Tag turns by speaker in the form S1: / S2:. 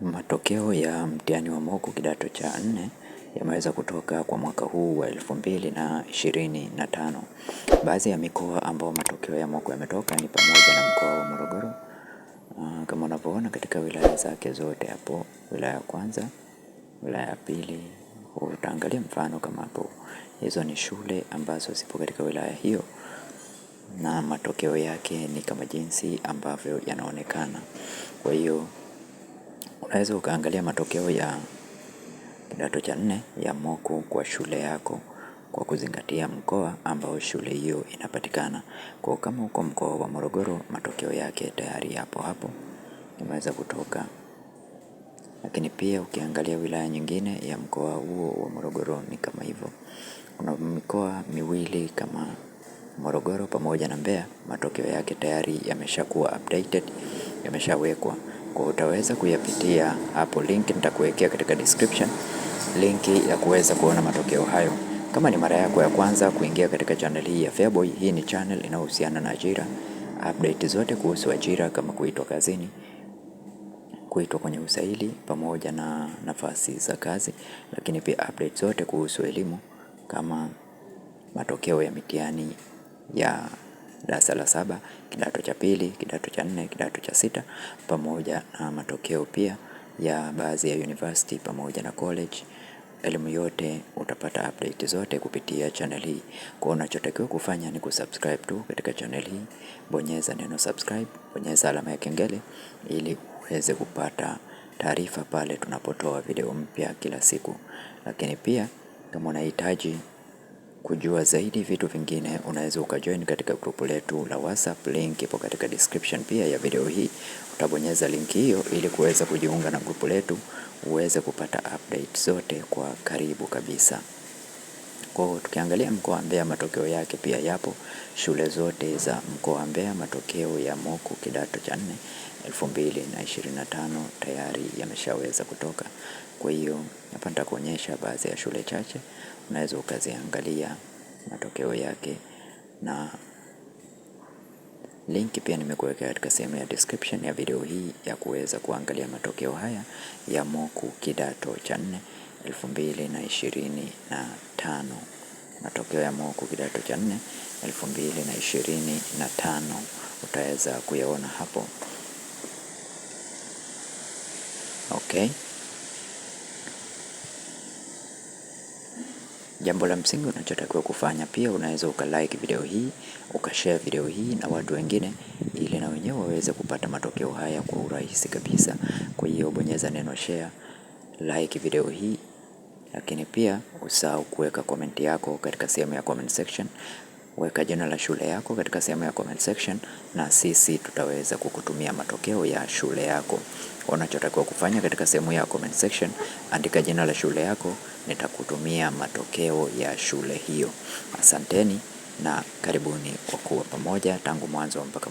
S1: Matokeo ya mtihani wa moko kidato cha nne yameweza kutoka kwa mwaka huu wa elfu mbili na ishirini na tano. Baadhi ya mikoa ambao matokeo ya moko yametoka ni pamoja na mkoa wa Morogoro, ah, kama unavyoona katika wilaya zake zote hapo, wilaya ya kwanza, wilaya ya pili, utaangalia mfano kama hapo. Hizo ni shule ambazo zipo katika wilaya hiyo na matokeo yake ni kama jinsi ambavyo yanaonekana. Kwa hiyo Unaweza ukaangalia matokeo ya kidato cha nne ya moku kwa shule yako kwa kuzingatia mkoa ambao shule hiyo inapatikana. Kwa kama uko mkoa wa morogoro matokeo yake tayari yapo hapo imeweza kutoka. Lakini pia ukiangalia wilaya nyingine ya mkoa huo wa morogoro ni kama hivo. Kuna mikoa miwili kama morogoro pamoja na mbea matokeo yake tayari yameshakuwa updated yameshawekwa kwa utaweza kuyapitia hapo. Link nitakuwekea katika description, linki ya kuweza kuona matokeo hayo. Kama ni mara yako ya kwanza kuingia katika channel hii ya Feaboy, hii ni channel inayohusiana na ajira, update zote kuhusu ajira kama kuitwa kazini, kuitwa kwenye usaili pamoja na nafasi za kazi, lakini pia update zote kuhusu elimu kama matokeo ya mitihani ya darasa la saba, kidato cha pili, kidato cha nne, kidato cha sita, pamoja na matokeo pia ya baadhi ya university pamoja na college. Elimu yote utapata update zote kupitia channel hii. Kwa unachotakiwa kufanya ni kusubscribe tu katika channel hii, bonyeza neno subscribe, bonyeza alama ya kengele ili uweze kupata taarifa pale tunapotoa video mpya kila siku. Lakini pia kama unahitaji Kujua zaidi vitu vingine unaweza ukajoin katika grupu letu la WhatsApp, link ipo katika description pia ya video hii. Utabonyeza linki hiyo ili kuweza kujiunga na grupu letu uweze kupata update zote kwa karibu kabisa. Kwa hiyo tukiangalia mkoa wa Mbeya, matokeo yake pia yapo. Shule zote za mkoa wa Mbeya, matokeo ya moku kidato cha nne 2025 tayari yameshaweza kutoka. Kwa hiyo hapa nitakuonyesha baadhi ya shule chache, unaweza ukaziangalia matokeo yake na linki pia nimekuwekea katika sehemu ya description ya video hii ya kuweza kuangalia matokeo haya ya moku kidato cha nne elfu mbili na ishirini na tano. Matokeo ya moku kidato cha nne elfu mbili na ishirini na tano utaweza kuyaona hapo. Okay. Jambo la msingi unachotakiwa kufanya pia, unaweza ukalike video hii ukashare video hii na watu wengine, ili na wenyewe waweze kupata matokeo haya kwa urahisi kabisa. Kwa hiyo bonyeza neno share, like video hii lakini pia usahau kuweka komenti yako katika sehemu ya comment section. Weka jina la shule yako katika sehemu ya comment section, na sisi tutaweza kukutumia matokeo ya shule yako. Unachotakiwa kufanya katika sehemu ya comment section, andika jina la shule yako, nitakutumia matokeo ya shule hiyo. Asanteni na karibuni kwa kuwa pamoja tangu mwanzo mpaka